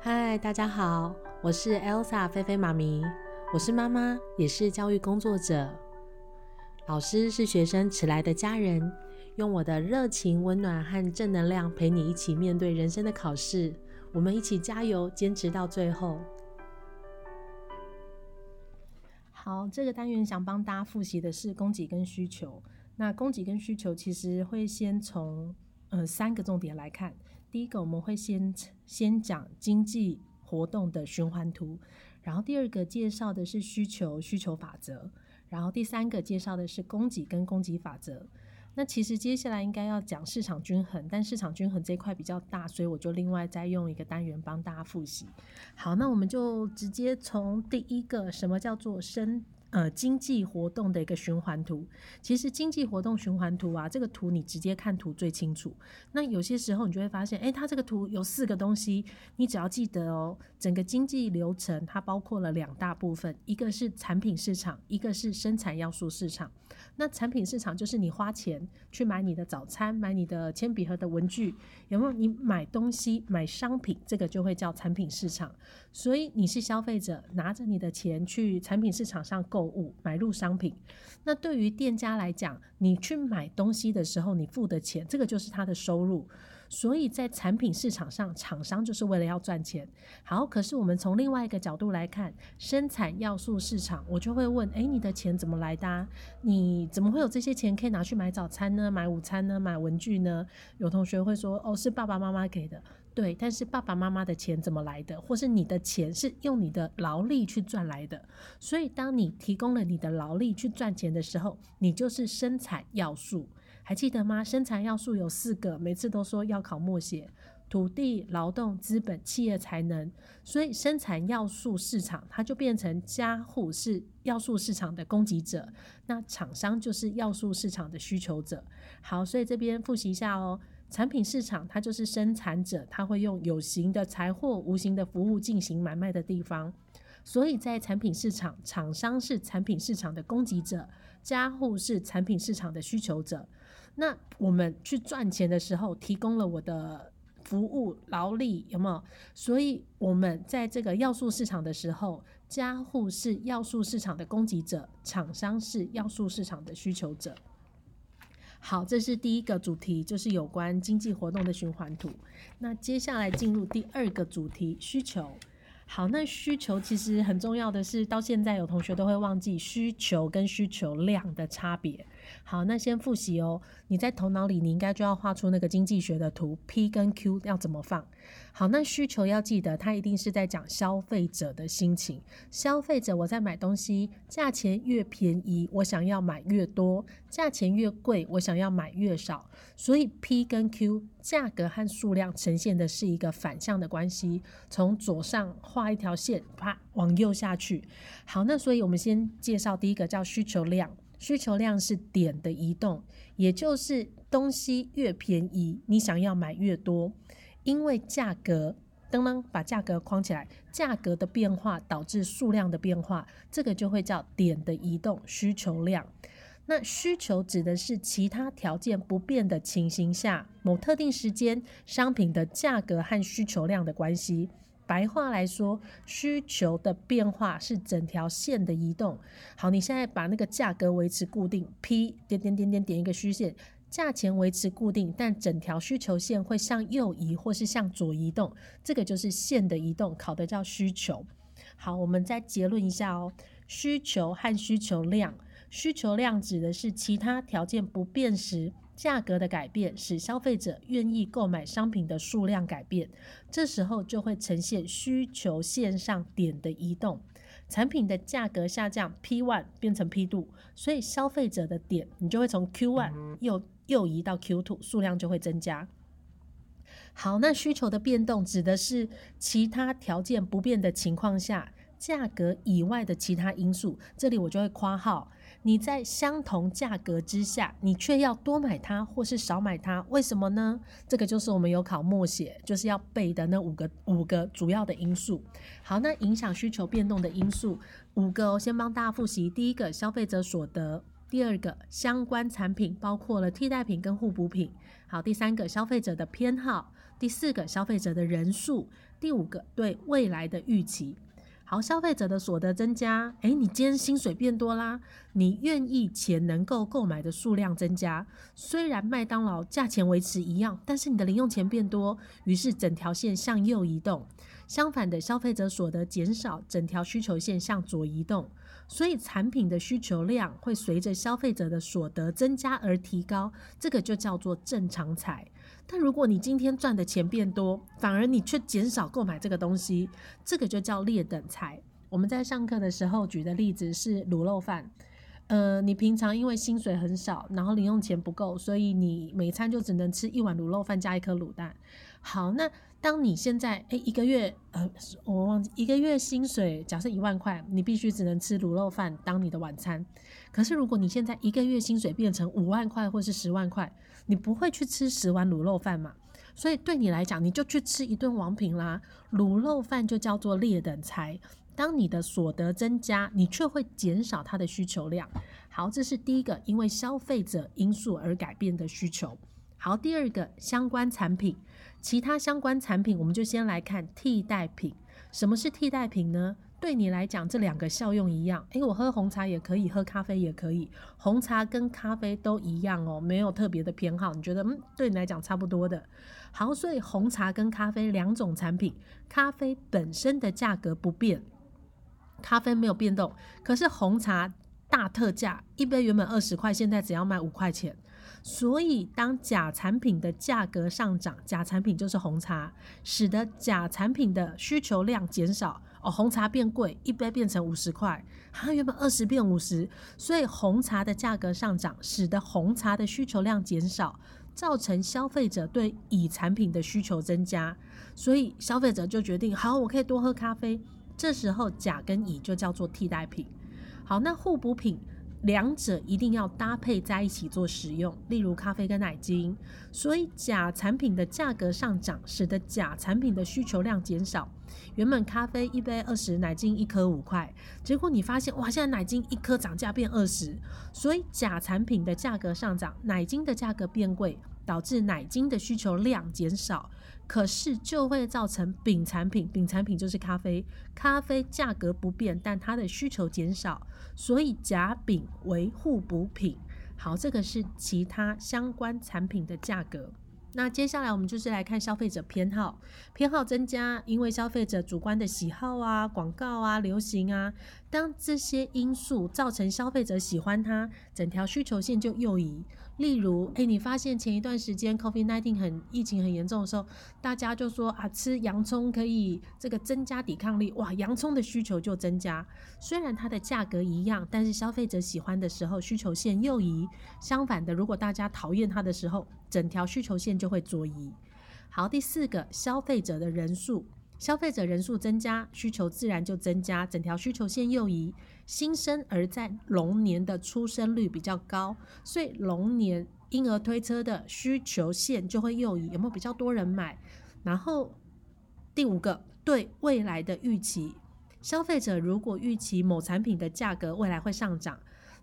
嗨，Hi, 大家好，我是 Elsa 菲菲媽咪，我是媽媽，也是教育工作者，老師是學生遲來的家人，用我的熱情、溫暖和正能量陪你一起面對人生的考試，我們一起加油，堅持到最後。好，這個單元想幫大家復習的是供給跟需求。那供給跟需求其實會先從嗯、呃、三個重點來看。第一個，我們會先先講經濟活動的循環圖，然後第二個介紹的是需求、需求法則，然後第三個介紹的是供給跟供給法則。那其實接下來應該要講市場均衡，但市場均衡這一塊比較大，所以我就另外再用一個單元幫大家複習。好，那我們就直接從第一個，什麼叫做生？呃，經濟活動的一個循環圖，其實經濟活動循環圖啊，這個圖你直接看圖最清楚。那有些時候你就會發現，哎，它這個圖有四個東西，你只要記得哦，整個經濟流程它包括了兩大部分，一個是產品市場，一個是生產要素市場。那產品市場就是你花錢去買你的早餐，買你的鉛筆盒的文具，有沒有？你買東西買商品，這個就會叫產品市場。所以你是消費者，拿着你的錢去產品市場上購。購物買入商品，那對於店家來講，你去買東西的時候，你付的錢，這個就是他的收入。所以在產品市場上，廠商就是為了要賺錢。好，可是我們從另外一個角度來看，生產要素市場，我就會問：誒，你的錢怎麼來的啊？你怎麼會有這些錢可以拿去買早餐呢？買午餐呢？買文具呢？有同學會說：哦，是爸爸媽媽給的。對，但是爸爸媽媽的錢怎麼來的？或是你的錢是用你的勞力去賺來的。所以，當你提供了你的勞力去賺錢的時候，你就是生產要素。還記得嗎？生產要素有四個，每次都說要考默寫：土地、勞動、資本、企業才能。所以生產要素市場它就變成家戶是要素市場的供給者，那廠商就是要素市場的需求者。好，所以這邊複習一下哦。產品市場它就是生產者，它會用有形的財貨、無形的服務進行買賣的地方。所以在產品市場，廠商是產品市場的供給者，家戶是產品市場的需求者。那我們去賺錢的時候，提供了我的服務勞力，有沒有？所以我們在這個要素市場的時候，家戶是要素市場的供給者，廠商是要素市場的需求者。好，這是第一個主題，就是有關經濟活動的循環圖。那接下來進入第二個主題，需求。好，那需求其實很重要的是，到現在有同學都會忘記需求跟需求量的差別。好，那先複習哦。你在頭腦裡，你應該就要畫出那個經濟學的圖，P 跟 Q 要怎麼放。好，那需求要記得，它一定是在講消費者的心情。消費者我在買東西，價錢越便宜，我想要買越多；價錢越貴，我想要買越少。所以 P 跟 Q，價格和數量呈現的是一個反向的關係。從左上畫一條線，啪，往右下去。好，那所以我們先介紹第一個叫需求量。需求量是點的移動，也就是東西越便宜，你想要買越多，因為價格，當當把價格框起來，價格的變化導致數量的變化，這個就會叫點的移動需求量。那需求指的是其他條件不變的情形下，某特定時間商品的價格和需求量的關係。白話來說，需求的變化是整條線的移動。好，你現在把那個價格維持固定，P 點點點點點一個虛線，價錢維持固定，但整條需求線會向右移或是向左移動，這個就是線的移動，考的叫需求。好，我們再結論一下哦，需求和需求量，需求量指的是其他條件不變時。價格的改變使消費者願意購買商品的數量改變，這時候就會呈現需求線上點的移動。產品的價格下降，P one 變成 P two，所以消費者的點你就會從 Q one 又、嗯、哼又移到 Q two，數量就會增加。好，那需求的變動指的是其他條件不變的情況下，價格以外的其他因素，這裡我就會括號。你在相同價格之下，你卻要多買它或是少買它，為什麼呢？這個就是我們有考默寫，就是要背的那五個五個主要的因素。好，那影響需求變動的因素五個哦，先幫大家復習。第一個，消費者所得；第二個，相關產品，包括了替代品跟互補品。好，第三個，消費者的偏好；第四個，消費者的人數；第五個，對未來的預期。好，消費者的所得增加，哎，你今天薪水變多啦，你願意且能夠購買的數量增加，雖然麥當勞價錢維持一樣，但是你的零用錢變多，於是整條線向右移動。相反的，消費者所得減少，整條需求線向左移動，所以產品的需求量會隨着消費者的所得增加而提高，這個就叫做正常財。但如果你今天賺的錢變多，反而你卻減少購買這個東西，這個就叫劣等財。我們在上課的時候舉的例子是滷肉飯，呃，你平常因為薪水很少，然後零用錢不夠，所以你每餐就只能吃一碗滷肉飯加一顆滷蛋。好，那當你現在誒、欸，一個月呃我忘記一個月薪水假設一萬塊，你必須只能吃滷肉飯當你的晚餐。可是如果你現在一個月薪水變成五萬塊或是十萬塊，你不會去吃十碗滷肉飯嘛，所以對你來講，你就去吃一頓王品啦。滷肉飯就叫做劣等財。當你的所得增加，你卻會減少它的需求量。好，這是第一個，因為消費者因素而改變的需求。好，第二個相關產品，其他相關產品，我們就先來看替代品。什麼是替代品呢？對你來講，這兩個效用一樣，哎，我喝紅茶也可以，喝咖啡也可以，紅茶跟咖啡都一樣哦，沒有特別的偏好。你覺得，嗯，對你來講差不多的。好，所以紅茶跟咖啡兩種產品，咖啡本身的價格不變，咖啡沒有變動，可是紅茶大特價，一杯原本二十塊，現在只要賣五塊錢。所以，當甲產品的價格上漲，甲產品就是紅茶，使得甲產品的需求量減少，哦，紅茶變貴，一杯變成五十塊，它、啊、原本二十變五十，所以紅茶的價格上漲，使得紅茶的需求量減少，造成消費者對乙產品的需求增加，所以消費者就決定好，我可以多喝咖啡。這時候甲跟乙就叫做替代品。好，那互補品。兩者一定要搭配在一起做使用，例如咖啡跟奶精。所以甲產品的價格上漲，使得甲產品的需求量減少。原本咖啡一杯二十，奶精一顆五塊，結果你發現哇，現在奶精一顆漲價變二十。所以甲產品的價格上漲，奶精的價格變貴。導致奶精的需求量減少，可是就會造成丙產品，丙產品就是咖啡，咖啡價格不變，但它的需求減少，所以甲、丙為互補品。好，這個是其他相關產品的價格。那接下來我們就是來看消費者偏好，偏好增加，因為消費者主觀的喜好啊，廣告啊，流行啊。當這些因素造成消費者喜歡它，整條需求線就右移。例如，哎，你發現前一段時間 COVID-19 很疫情很嚴重的時候，大家就說啊，吃洋蔥可以這個增加抵抗力，哇，洋蔥的需求就增加。雖然它的價格一樣，但是消費者喜歡的時候，需求線右移。相反的，如果大家討厭它的時候，整條需求線就會左移。好，第四個，消費者的人數。消費者人數增加，需求自然就增加，整條需求線右移。新生兒在龍年的出生率比較高，所以龍年嬰兒推車的需求線就會右移，有沒有比較多人買？然後第五個，對未來的預期，消費者如果預期某產品的價格未來會上漲，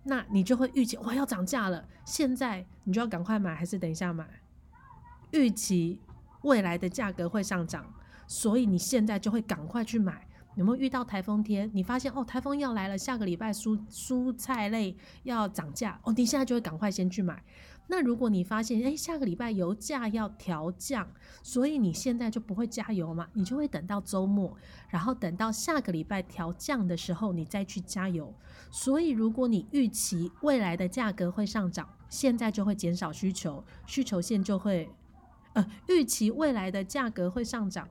那你就會預期，哇，要漲價了，現在你就要趕快買，還是等一下買？預期未來的價格會上漲。所以你現在就會趕快去買。你有沒有遇到台風天？你發現哦，台風要來了，下個禮拜蔬蔬菜類要漲價哦，你現在就會趕快先去買。那如果你發現哎，下個禮拜油價要調降，所以你現在就不會加油嘛，你就會等到周末，然後等到下個禮拜調降的時候你再去加油。所以如果你預期未來的價格會上漲，現在就會減少需求，需求線就會呃，預期未來的價格會上漲。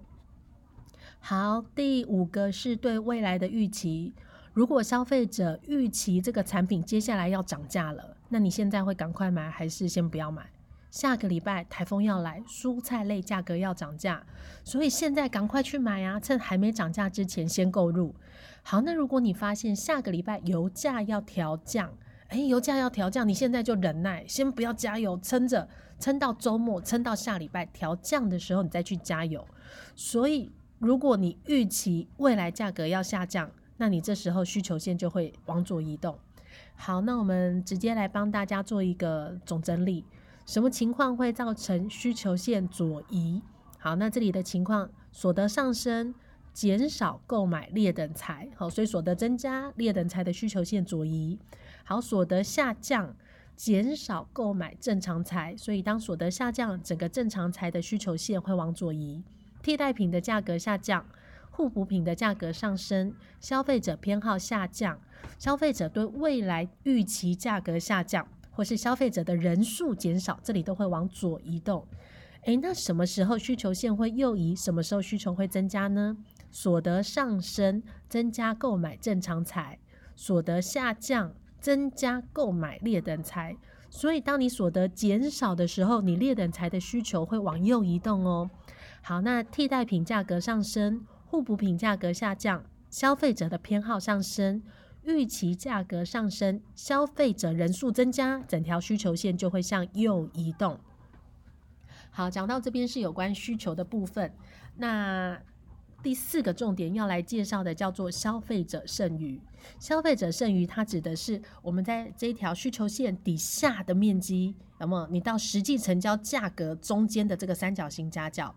好，第五個是對未來的預期。如果消費者預期這個產品接下來要漲價了，那你現在會趕快買還是先不要買？下個禮拜台風要來，蔬菜類價格要漲價，所以現在趕快去買啊，趁還沒漲價之前先購入。好，那如果你發現下個禮拜油價要調降，哎，油價要調降，你現在就忍耐，先不要加油，撐着，撐到周末，撐到下禮拜調降的時候你再去加油。所以。如果你預期未來價格要下降，那你這時候需求線就會往左移動。好，那我們直接來幫大家做一個總整理，什麼情況會造成需求線左移？好，那這裡的情況，所得上升，減少購買劣等財，好，所以所得增加，劣等財的需求線左移。好，所得下降，減少購買正常財，所以當所得下降，整個正常財的需求線會往左移。替代品的價格下降，互補品的價格上升，消費者偏好下降，消費者對未來預期價格下降，或是消費者的人數減少，這裡都會往左移動。誒、欸，那什麼時候需求線會右移？什麼時候需求會增加呢？所得上升，增加購買正常財；所得下降，增加購買劣等財。所以，當你所得減少的時候，你劣等財的需求會往右移動哦。好，那替代品價格上升，互補品價格下降，消費者的偏好上升，預期價格上升，消費者人數增加，整條需求線就會向右移動。好，講到這邊是有關需求的部分。那第四個重點要來介紹的叫做消費者剩餘。消費者剩餘它指的是我們在這條需求線底下的面積。那麼你到實際成交價格中間的這個三角形夾角。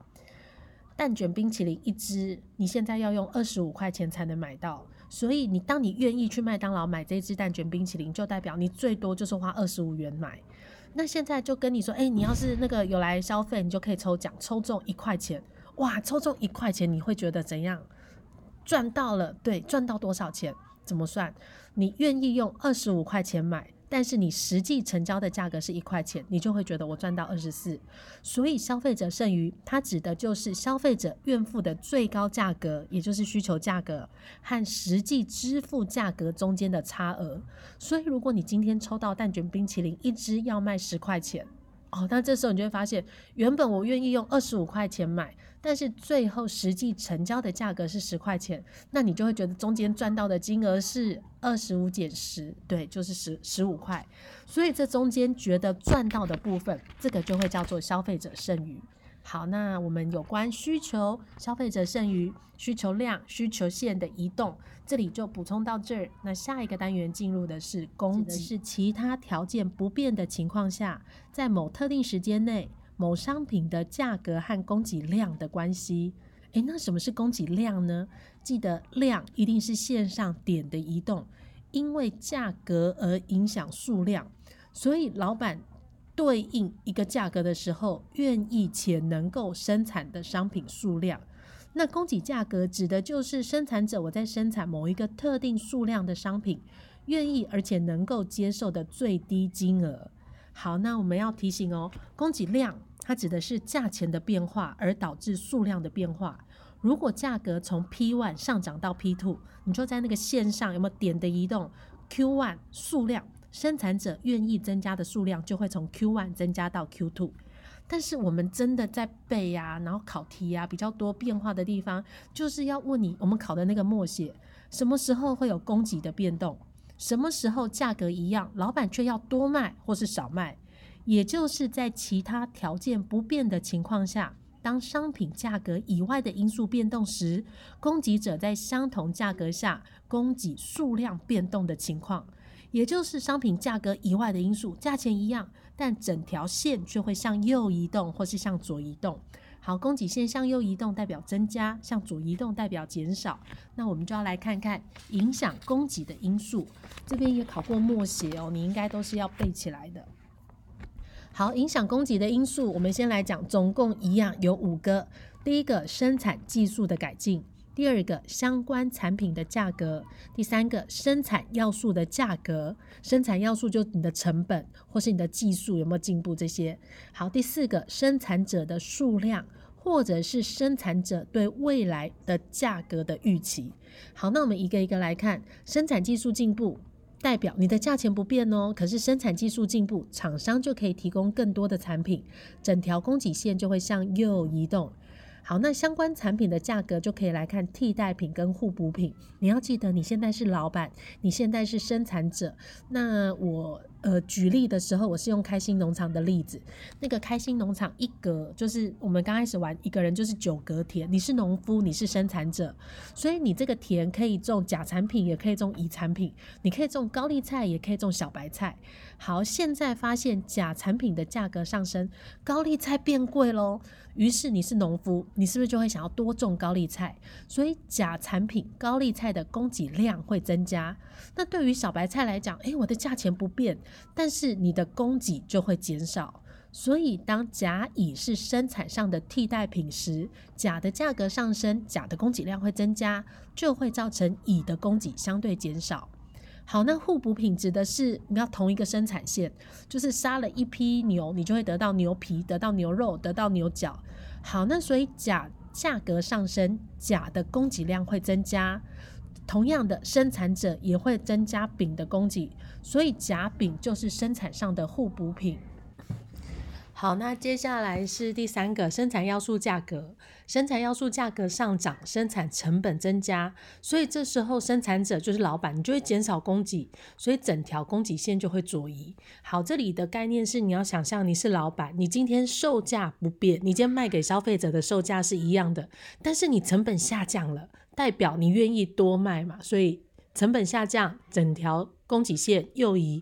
蛋捲冰淇淋一支，你現在要用二十五塊錢才能買到。所以你當你願意去麥當勞買這隻蛋捲冰淇淋，就代表你最多就是花二十五元買。那現在就跟你說，哎、欸，你要是那個有來消費，你就可以抽獎，抽中一塊錢，哇，抽中一塊錢，你會覺得怎樣？賺到了，對，賺到多少錢？怎麼算？你願意用二十五塊錢買。但是你實際成交的價格是一塊錢，你就會覺得我賺到二十四，所以消費者剩餘它指的就是消費者願付的最高價格，也就是需求價格和實際支付價格中間的差額。所以如果你今天抽到蛋卷冰淇淋一支要賣十塊錢，哦，那這時候你就會發現，原本我願意用二十五塊錢買。但是最後實際成交的價格是十塊錢，那你就會覺得中間賺到的金額是二十五減十，10，對，就是十十五塊。所以這中間覺得賺到的部分，這個就會叫做消費者剩餘。好，那我們有關需求、消費者剩餘、需求量、需求線的移動，這裡就補充到這兒。那下一個單元進入的是供給，是其他條件不變的情況下，在某特定時間內。某商品的價格和供給量的關係，誒，那什麼是供給量呢？記得量一定是線上點的移動，因為價格而影響數量，所以老闆對應一個價格的時候，願意且能夠生產的商品數量。那供給價格指的就是生產者我在生產某一個特定數量的商品，願意而且能夠接受的最低金額。好，那我們要提醒哦，供給量。它指的是價錢的變化而導致數量的變化。如果價格從 P1 上漲到 P2，你就在那個線上有沒有點的移動？Q1 數量，生產者願意增加的數量就會從 Q1 增加到 Q2。但是我們真的在背呀、啊，然後考題呀、啊，比較多變化的地方，就是要問你，我們考的那個默寫，什麼時候會有供給的變動？什麼時候價格一樣，老板卻要多賣或是少賣？也就是在其他條件不變的情況下，當商品價格以外的因素變動時，供給者在相同價格下供給數量變動的情況，也就是商品價格以外的因素，價錢一樣，但整條線卻會向右移動或是向左移動。好，供給線向右移動代表增加，向左移動代表減少。那我們就要來看看影響供給的因素，這邊也考過默寫哦，你應該都是要背起來的。好，影響供給的因素，我們先來講，總共一樣有五個。第一個，生產技術的改進；第二個，相關產品的價格；第三個，生產要素的價格，生產要素就是你的成本或是你的技術有沒有進步這些。好，第四個，生產者的數量，或者是生產者對未來的價格的預期。好，那我們一個一個來看，生產技術進步。代表你的價錢不變哦、喔，可是生產技術進步，廠商就可以提供更多的產品，整條供給線就會向右移動。好，那相關產品的價格就可以來看替代品跟互補品。你要記得，你現在是老闆，你現在是生產者。那我。呃，舉例的時候，我是用開心農場的例子。那個開心農場一格就是我們剛開始玩，一個人就是九格田。你是農夫，你是生產者，所以你這個田可以種甲產品，也可以種乙產品。你可以種高麗菜，也可以種小白菜。好，現在發現甲產品的價格上升，高麗菜變貴嘍。於是你是農夫，你是不是就會想要多種高麗菜？所以甲產品，高麗菜的供給量會增加。那對於小白菜來講，哎、欸，我的價錢不變。但是你的供給就會減少，所以當甲乙是生產上的替代品時，甲的價格上升，甲的供給量會增加，就會造成乙的供給相對減少。好，那互補品指的是你要同一個生產線，就是殺了一批牛，你就會得到牛皮、得到牛肉、得到牛角。好，那所以甲價格上升，甲的供給量會增加，同樣的生產者也會增加丙的供給。所以甲丙就是生產上的互補品。好，那接下來是第三個生產要素價格，生產要素價格上漲，生產成本增加，所以這時候生產者就是老闆，你就會減少供給，所以整條供給線就會左移。好，這裡的概念是你要想象你是老闆，你今天售價不變，你今天賣給消費者的售價是一樣的，但是你成本下降了，代表你願意多賣嘛，所以成本下降，整條。供給線右移，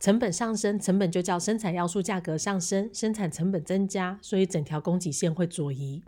成本上升，成本就叫生產要素價格上升，生產成本增加，所以整條供給線會左移。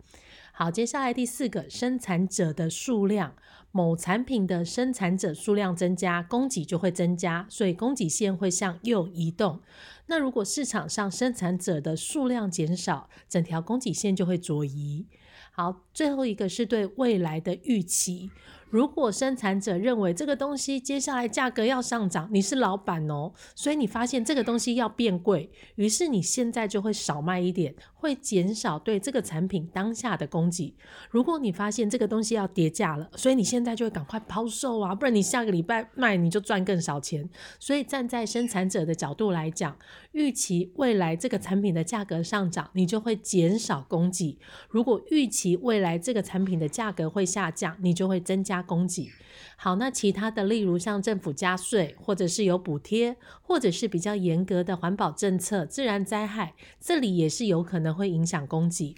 好，接下來第四個，生產者的數量，某產品的生產者數量增加，供給就會增加，所以供給線會向右移動。那如果市場上生產者的數量減少，整條供給線就會左移。好，最後一個是對未來的預期。如果生產者認為這個東西接下來價格要上漲，你是老板哦，所以你發現這個東西要變貴，於是你現在就會少賣一點。會減少對這個產品當下的供給。如果你發現這個東西要跌價了，所以你現在就會趕快拋售啊，不然你下個禮拜賣你就賺更少錢。所以站在生產者的角度來講，預期未來這個產品的價格上漲，你就會減少供給；如果預期未來這個產品的價格會下降，你就會增加供給。好，那其他的例如像政府加稅，或者是有補貼，或者是比較嚴格的環保政策、自然災害，這裡也是有可能。會影響供給。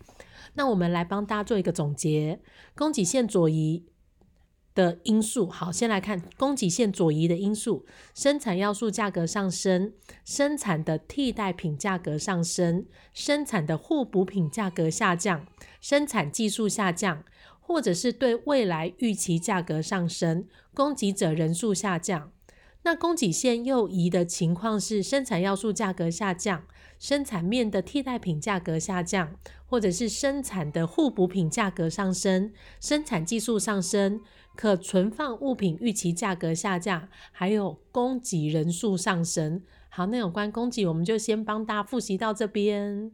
那我們來幫大家做一個總結：供給線左移的因素，好，先來看供給線左移的因素。生產要素價格上升，生產的替代品價格上升，生產的互補品價格下降，生產技術下降，或者是對未來預期價格上升，供給者人數下降。那供給線右移的情況是生產要素價格下降，生產面的替代品價格下降，或者是生產的互補品價格上升，生產技術上升，可存放物品預期價格下降，還有供給人數上升。好，那有關供給，我們就先幫大家複習到這邊。